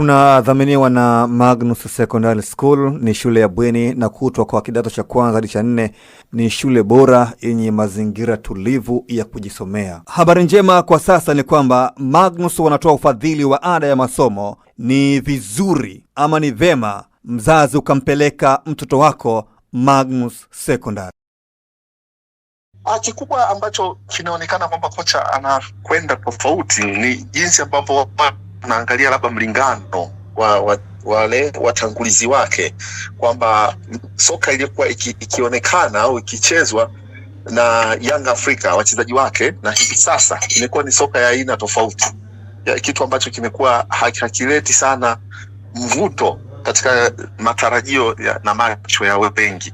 Tunadhaminiwa na Magnus Secondary School. Ni shule ya bweni na kutwa kwa kidato cha kwanza hadi cha nne. Ni shule bora yenye mazingira tulivu ya kujisomea. Habari njema kwa sasa ni kwamba Magnus wanatoa ufadhili wa ada ya masomo. Ni vizuri ama ni vema mzazi ukampeleka mtoto wako Magnus Secondary. Ah, kikubwa ambacho kinaonekana kwamba kocha anakwenda tofauti ni jinsi ambavyo unaangalia labda mlingano wa, wa wale watangulizi wake kwamba soka iliyokuwa iki, ikionekana au ikichezwa na Young Africa wachezaji wake na hivi sasa imekuwa ni soka ya aina tofauti ya kitu ambacho kimekuwa hakileti sana mvuto katika matarajio ya, na macho ya wengi,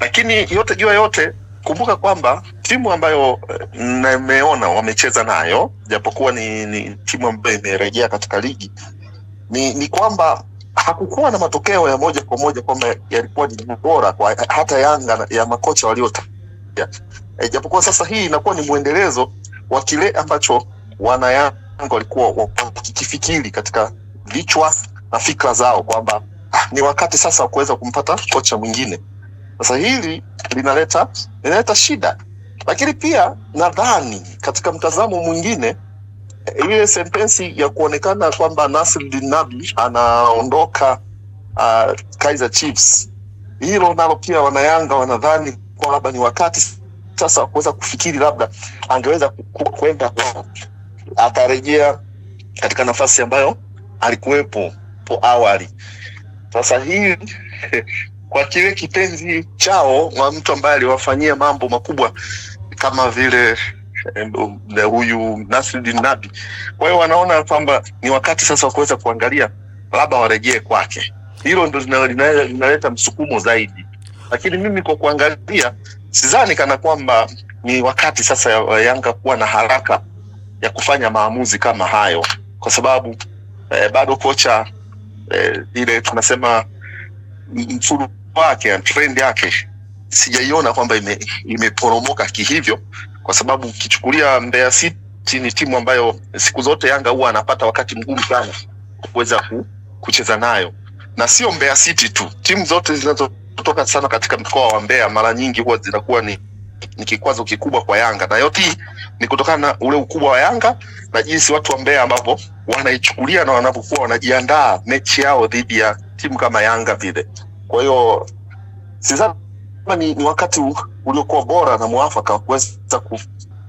lakini yote jua yote kumbuka kwamba timu ambayo eh, nimeona wamecheza nayo japokuwa ni, ni timu ambayo imerejea katika ligi ni, ni kwamba hakukuwa na matokeo ya moja kwa moja kwamba yalikuwa ni bora kwa hata Yanga ya makocha waliotaja e, japokuwa sasa hii inakuwa ni mwendelezo wa kile ambacho wana Yanga walikuwa wakikifikiri katika vichwa na fikra zao kwamba ah, ni wakati sasa wa kuweza kumpata kocha mwingine. Sasa hili linaleta linaleta shida, lakini pia nadhani katika mtazamo mwingine eh, ile sentensi ya kuonekana kwamba Nasreddin Nabi anaondoka uh, Kaizer Chiefs, hilo nalo pia wanayanga wanadhani kwa labda ni wakati sasa wa kuweza kufikiri labda angeweza kwenda akarejea katika nafasi ambayo alikuwepo po awali. Sasa hii kwa kile kipenzi chao wa mtu ambaye aliwafanyia mambo makubwa kama vile eh, huyu Nasruddin Nabi. Kwa hiyo wanaona kwamba ni wakati sasa wa kuweza kuangalia labda warejee kwake. Hilo ndo linaleta msukumo zaidi, lakini mimi kwa kuangalia sidhani kana kwamba ni wakati sasa ya Yanga kuwa na haraka ya kufanya maamuzi kama hayo, kwa sababu eh, bado kocha eh, ile tunasema msuru wake na trend yake sijaiona kwamba imeporomoka ime kihivyo, kwa sababu ukichukulia Mbeya City ni timu ambayo siku zote Yanga huwa anapata wakati mgumu sana kuweza ku, kucheza nayo, na sio Mbeya City tu, timu zote zinazotoka sana katika mkoa wa Mbeya mara nyingi huwa zinakuwa ni ni kikwazo kikubwa kwa Yanga, na yote ni kutokana na ule ukubwa wa Yanga na jinsi watu wa Mbeya ambavyo wanaichukulia na wanapokuwa wanajiandaa mechi yao dhidi ya timu kama Yanga vile. Kwa hiyo sidhani ni, ni wakati uliokuwa bora na mwafaka kuweza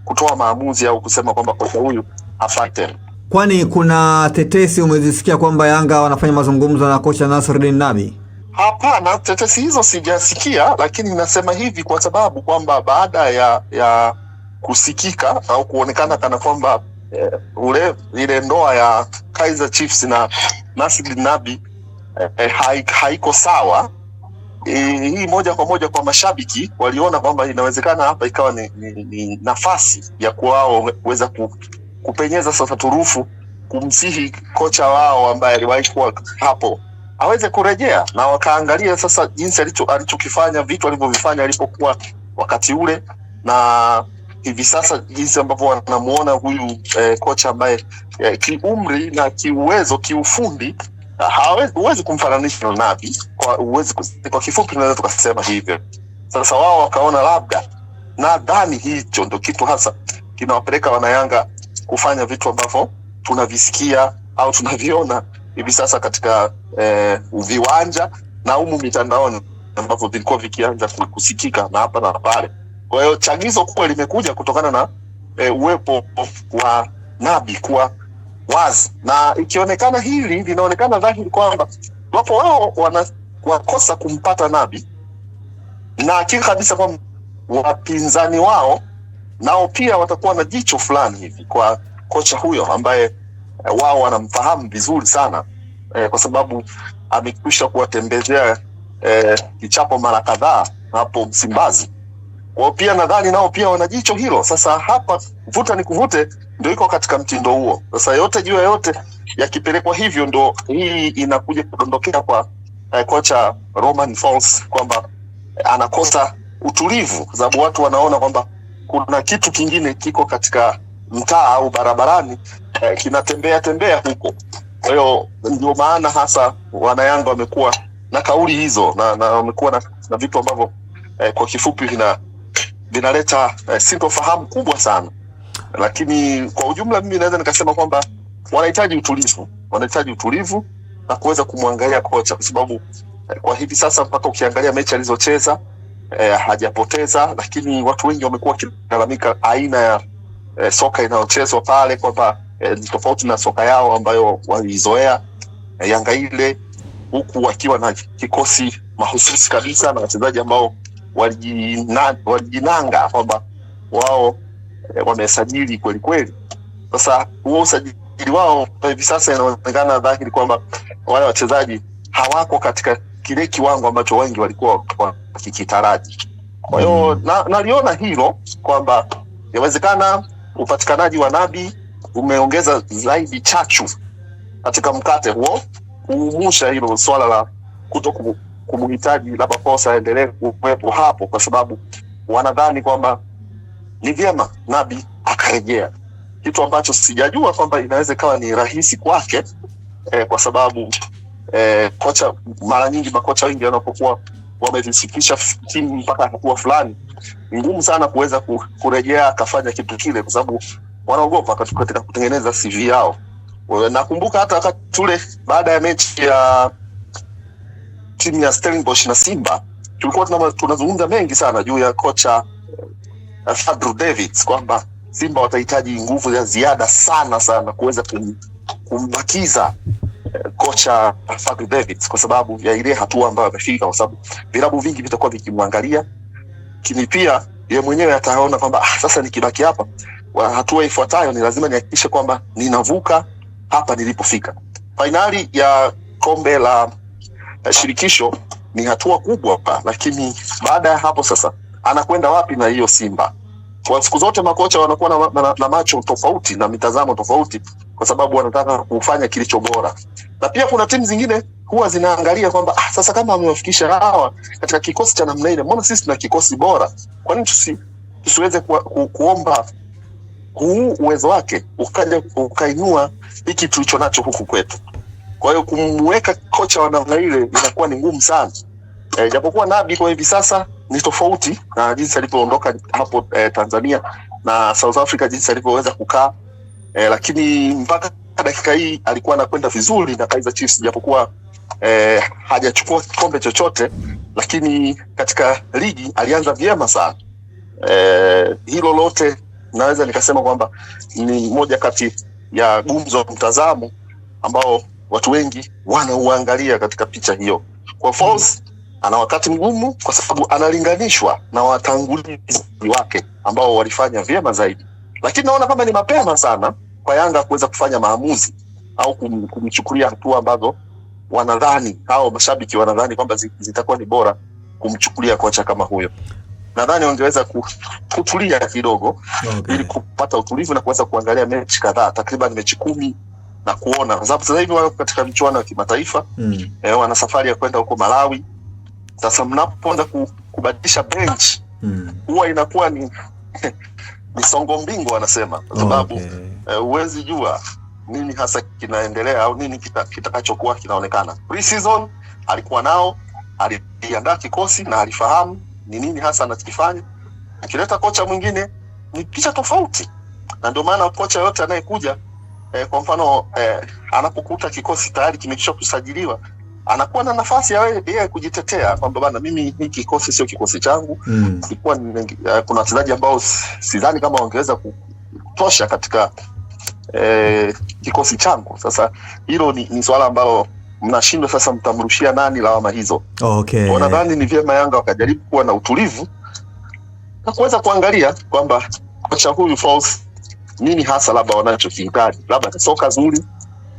kutoa maamuzi au kusema kwamba kocha huyu afate. Kwani kuna tetesi umezisikia kwamba Yanga wanafanya mazungumzo na kocha Nasreddine Nabi? Hapana, tetesi hizo sijasikia, lakini nasema hivi kwa sababu kwamba baada ya ya kusikika au kuonekana kana kwamba eh, ule ile ndoa ya kaiser Chiefs na Nasreddine Nabi eh, haiko hai sawa eh, hii moja kwa moja kwa mashabiki waliona kwamba inawezekana hapa ikawa ni, ni, ni nafasi ya kuwao kuweza ku, kupenyeza sasa turufu kumsihi kocha wao ambaye aliwahi kuwa hapo aweze kurejea, na wakaangalia sasa jinsi alichokifanya, vitu alivyovifanya alipokuwa wakati ule na hivi sasa jinsi ambavyo wanamuona huyu eh, kocha ambaye eh, kiumri na kiuwezo kiufundi huwezi kumfananisha na Nabi kwa, huwezi, kwa kifupi tunaweza tukasema hivyo. Sasa wao wakaona labda, nadhani hicho ndo kitu hasa kinawapeleka wanayanga kufanya vitu ambavyo tunavisikia au tunaviona hivi sasa katika eh, viwanja na humu mitandaoni ambavyo vilikuwa vikianza kusikika na hapa na pale. Kwa hiyo chagizo kubwa limekuja kutokana na eh, uwepo wa Nabi kuwa wazi, na ikionekana hili linaonekana dhahiri kwamba wapo wao wanakosa kumpata nabi na hakika kabisa kwamba wapinzani wao nao pia watakuwa na jicho fulani hivi kwa kocha huyo ambaye eh, wao wanamfahamu vizuri sana eh, kwa sababu amekwisha kuwatembezea eh, kichapo mara kadhaa hapo Msimbazi. Kwao pia nadhani nao pia wana jicho hilo. Sasa hapa vuta ni kuvute, ndio iko katika mtindo huo. Sasa yote juu ya yote yakipelekwa hivyo, ndo hii inakuja kudondokea kwa eh, kocha roman Folz kwamba eh, anakosa utulivu, kwa sababu watu wanaona kwamba kuna kitu kingine kiko katika mtaa au barabarani eh, kinatembea tembea huko. Kwa hiyo ndio maana hasa wanayanga wamekuwa na kauli hizo na, na wamekuwa na, na vitu ambavyo eh, kwa kifupi vinaleta eh, sintofahamu kubwa sana lakini kwa ujumla mimi naweza nikasema kwamba wanahitaji utulivu, wanahitaji utulivu na kuweza kumwangalia kocha, kwa sababu eh, kwa hivi sasa mpaka ukiangalia mechi alizocheza eh, hajapoteza, lakini watu wengi wamekuwa wakilalamika aina ya eh, soka inayochezwa pale kwamba eh, ni tofauti na soka yao ambayo walizoea eh, Yanga ile, huku wakiwa na kikosi mahususi kabisa na wachezaji ambao walijinanga kwamba wao Eh, wamesajili kweli kweli. Sasa huo usajili wao hivi sasa inaonekana dhahiri kwamba wale wachezaji hawako katika kile kiwango ambacho wengi walikuwa wakikitaraji. Kwa hiyo mm. naliona na hilo kwamba inawezekana upatikanaji wa Nabi umeongeza zaidi chachu katika mkate huo kuumusha hilo swala la kuto kumhitaji labda Posa endelee kuwepo hapo, kwa sababu wanadhani kwamba ni vyema Nabi akarejea, kitu ambacho sijajua kwamba inaweza ikawa ni rahisi kwake eh, kwa sababu eh, kocha mara nyingi makocha wengi wanapokuwa wamezifikisha timu mpaka hatua fulani, ngumu sana kuweza kurejea akafanya kitu kile, kwa sababu wanaogopa katika kutengeneza CV yao. Nakumbuka hata wakati ule baada ya mechi ya timu ya Stellenbosch na Simba tulikuwa tunazungumza mengi sana juu ya kocha hasa Andrew Davids kwamba Simba watahitaji nguvu ya ziada sana sana kuweza kum, kumbakiza eh, kocha Fadlu Davids kwa sababu ya ile hatua ambayo amefika, kwa sababu vilabu vingi vitakuwa vikimwangalia, lakini pia ye mwenyewe ataona kwamba ah, sasa nikibaki hapa, hatua ifuatayo ni lazima nihakikishe kwamba ninavuka hapa nilipofika. Fainali ya kombe la eh, shirikisho ni hatua kubwa pa, lakini baada ya hapo sasa anakwenda wapi na hiyo Simba. Kwa siku zote makocha wanakuwa na, na, na na macho tofauti na mitazamo tofauti, kwa sababu wanataka kufanya kilicho bora, na pia kuna timu zingine huwa zinaangalia kwamba ah, sasa kama amewafikisha hawa katika kikosi cha namna ile, mbona sisi tuna kikosi bora? Kwa nini tusi, tusiweze ku, ku, kuomba huu uwezo wake ukaja ukainua hiki tulicho nacho huku kwetu. Kwa hiyo kumweka kocha wa namna ile inakuwa ni ngumu sana e, japokuwa Nabi kwa hivi sasa ni tofauti na jinsi alivyoondoka hapo eh, Tanzania na South Africa jinsi alivyoweza kukaa eh, lakini mpaka dakika hii alikuwa anakwenda vizuri na Kaizer Chiefs japokuwa eh, hajachukua kikombe chochote, lakini katika ligi alianza vyema sana. Eh, hilo lote naweza nikasema kwamba ni moja kati ya gumzo mtazamo ambao watu wengi wanauangalia katika picha hiyo kwa false ana wakati mgumu kwa sababu analinganishwa na watangulizi wake ambao walifanya vyema zaidi, lakini naona kwamba ni mapema sana kwa Yanga kuweza kufanya maamuzi au kum, kumchukulia hatua ambazo wanadhani au mashabiki wanadhani kwamba zitakuwa ni bora kumchukulia kocha kama huyo. Nadhani wangeweza kutulia kidogo, okay, ili kupata utulivu na kuweza kuangalia mechi kadhaa, takriban mechi kumi na kuona, kwa sababu sasa hivi wako katika michuano ya kimataifa mm. Eh, wana safari ya kwenda huko Malawi sasa mnapoanza kubadilisha bench hmm. huwa inakuwa ni ni songo mbingo wanasema, kwa sababu eh, huwezi okay. uh, jua nini hasa kinaendelea au nini kitakachokuwa kita kinaonekana. Pre-season alikuwa nao, aliandaa kikosi na alifahamu ni nini hasa anachokifanya. Akileta kocha mwingine ni picha tofauti, na ndio maana kocha yote anayekuja eh, kwa mfano eh, anapokuta kikosi tayari kimekisha kusajiliwa anakuwa na nafasi ya yeye kujitetea kwamba bana, mimi hiki kikosi sio kikosi changu mm. Sikuwa uh, kuna wachezaji ambao sidhani kama wangeweza kutosha katika eh, kikosi changu. Sasa hilo ni, ni swala ambalo mnashindwa sasa, mtamrushia nani lawama hizo? Okay. Kwa nadhani ni vyema Yanga wakajaribu kuwa na utulivu na kuweza kuangalia kwamba kocha huyu false nini hasa labda wanachokihitaji, labda ni soka zuri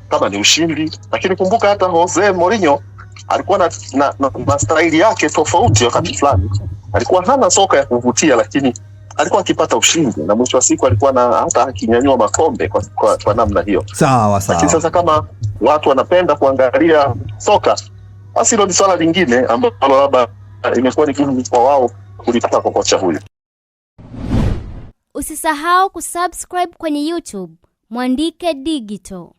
kama ni ushindi, lakini kumbuka hata Jose Mourinho alikuwa na, na, na, na staili yake tofauti wakati fulani. Alikuwa hana soka ya kuvutia, lakini alikuwa akipata ushindi na mwisho wa siku alikuwa na hata akinyanyua makombe kwa, kwa, kwa namna hiyo. Sawa sawa. Lakini sasa kama watu wanapenda kuangalia soka, basi hilo ni swala lingine ambalo labda imekuwa ni gumu kwa wao kulipata kwa kocha huyu. Usisahau kusubscribe kwenye YouTube Mwandike Digital.